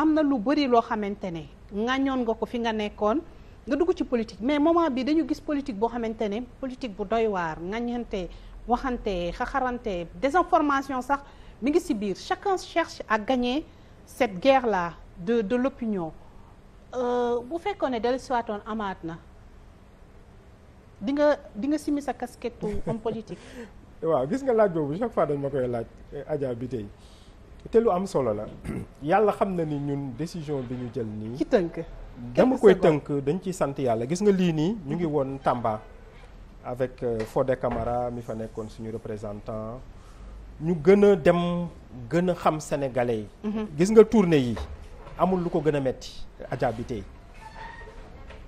am na lu bëri loo xamante ne ŋàññoon nga ko fi nga nekkoon nga dugg ci politique mais moment bi dañu gis politique boo xamante ne politique bu doy waar ŋàññante waxante xaxarante désinformation sax mi ngi ci biir chacun cherche à gagner cette guerre là de de l'opinion euh, bu fekkoon ne dellu siwaatoon amaat na di nga di nga simi sa casquette homme politique waaw gis nga laaj boobu chaque fois dañ ma koy laaj Adja bi tey te lu am solo la yàlla xam na ni ñun décision bi ñu jël nii. ci tënk dama koy tënk dañ ciy sant yàlla gis nga lii nii ñu ngi woon Tamba. avec euh, de Camara mi fa nekkoon suñu représentant ñu gën a dem gën a xam sénégalais yi. Mhm. gis nga tournée yi amul lu ko gën a metti Adja bi tey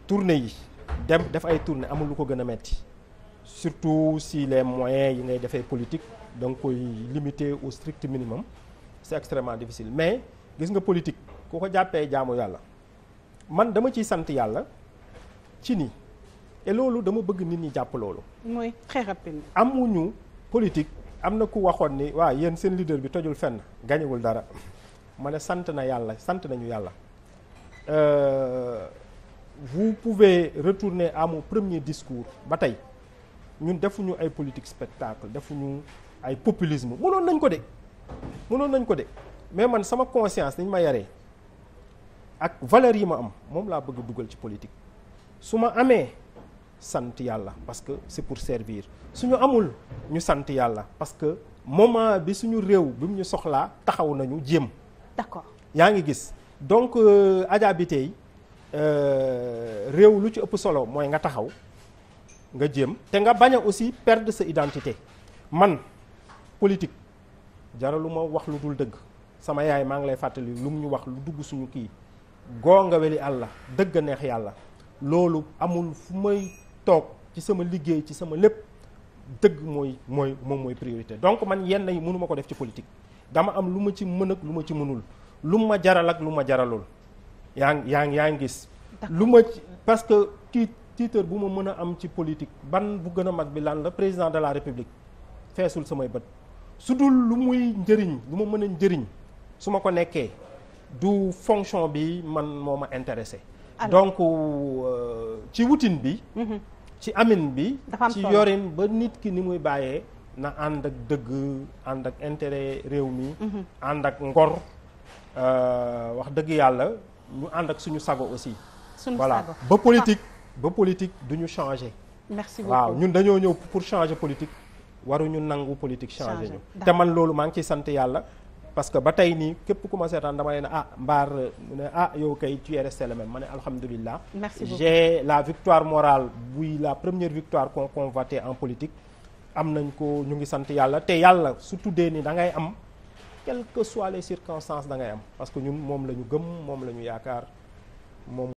tournée yi dem def ay tournée amul lu ko gën a metti surtout si les moyens yi ngay defee politique da nga koy limiter au strict minimum. c'est extrêmement difficile mais gis nga politique ku ko jàppee jaamu yàlla man dama ciy sant yàlla ci ni et loolu dama bëgg nit ñi jàpp loolu. mooy très rapide. amuñu politique am na ku waxoon ni waa yéen seen leader bi tojul fenn gañewul dara ma ne sant na yàlla sant nañu yàlla. Euh, vous pouvez retourner à mon premier discours ba tey ñun defuñu ay politique spectacle defuñu ay populisme mënoon nañ ko de. mënoon nañ ko de mais man sama conscience niñ ma yaree ak valeur yi ma am moom laa bëgg dugal ci politique su ma amee sant yàlla parce que c'est pour servir suñu amul ñu sant yàlla parce que moment bi suñu réew bi mu ñu soxlaa taxaw nañu jéem d'accord yaa ngi gis donc euh, Adja bi tey euh, réew lu ci ëpp solo mooy nga taxaw nga jéem te nga bañ a aussi perdre sa identité man politique jaralu ma wax lu dul dëgg sama yaay maa ngi lay fàttali lu mu ñu wax lu dugg suñu kii goo nga weli àlla dëgg neex yàlla loolu amul fu may toog ci sama liggéey ci sama lépp dëgg mooy mooy moom mooy priorité donc man yenn yi mënuma ko def ci politique dama am lu ma ci mën ak lu ma ci mënul lu ma jaral ak lu ma jaralul yaa ngi yaa ngi yaa ngi gis lu ma ci parce que tii titre bu ma mën a am ci politique ban bu gën a mag bi lan la président de la république feesul samay bët su dul lu muy njëriñ lu ma mën njëriñ su ma ko nekkee du fonction bi man moo ma intéressé donc euh, ci wutin bi mhm. ci amin bi ci yorin ba nit ki ni muy bàyyee na ànd ak dëgg ànd ak intérêt réew mi mhm. ànd ak ngor euh, wax dëgg yàlla ñu ànd ak suñu sago aussi suñu voilà. sago ba politique ba politique du ñu waaw ñun dañoo ñëw pour changé politique waruñu nangu politique changé ñu te man loolu maa ngi ciy sant yàlla parce que ba tey nii képp ku ma seetaan dama na ah mbaar mu ne ah yow kay tu es resté le même ma ne alhamdulilah j'ai la victoire morale buy la première victoire convaté en politique am nañ ko ñu ngi sant yàlla te yàlla su tuddee nii da ngay am quelque que soient les circonstances da ngay am parce que ñun moom la ñu gëm moom la ñu yaakaar moom